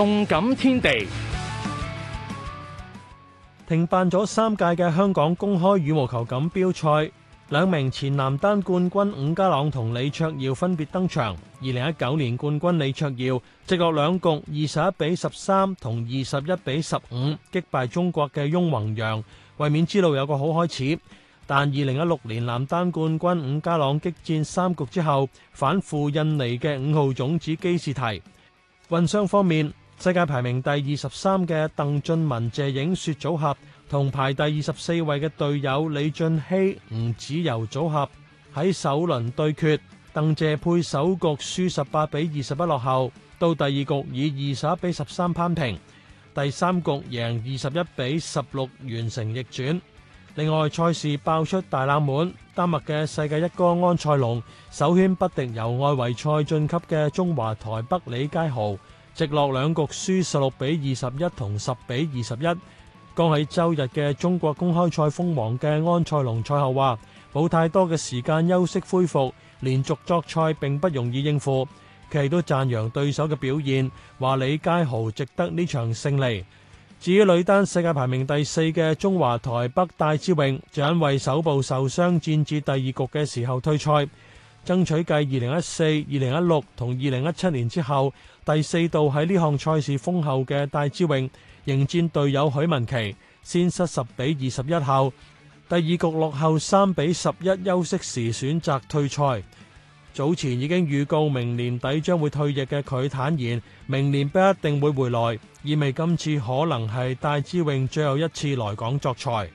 動感天地停辦咗三屆嘅香港公開羽毛球錦標賽，兩名前男單冠軍伍家朗同李卓耀分別登場。二零一九年冠軍李卓耀直落兩局二十一比十三同二十一比十五擊敗中國嘅翁泓陽，衛冕之路有個好開始。但二零一六年男單冠軍伍家朗激戰三局之後，反負印尼嘅五號種子基士堤。混雙方面。世界排名第二十三嘅鄧俊文謝影雪組合同排第二十四位嘅隊友李晉熙吳芷柔組合喺首輪對決，鄧謝配首局輸十八比二十一落後，到第二局以二十一比十三扳平，第三局贏二十一比十六完成逆轉。另外賽事爆出大冷門，丹麥嘅世界一哥安賽龍首圈不敵由外圍賽晉級嘅中華台北李佳豪，直落兩局輸十六比二十一同十比二十一。剛喺周日嘅中國公開賽封王嘅安賽龍賽後話：冇太多嘅時間休息恢復，連續作賽並不容易應付。佢亦都讚揚對手嘅表現，話李佳豪值得呢場勝利。至於女單世界排名第四嘅中華台北戴資穎，就因為手部受傷，戰至第二局嘅時候退賽。爭取繼二零一四、二零一六同二零一七年之後第四度喺呢項賽事封後嘅戴資穎，迎戰隊友許文琪，先失十比二十一後，第二局落後三比十一，休息時選擇退賽。早前已經預告明年底將會退役嘅佢坦言，明年不一定會回來，意味今次可能係戴資穎最後一次來港作賽。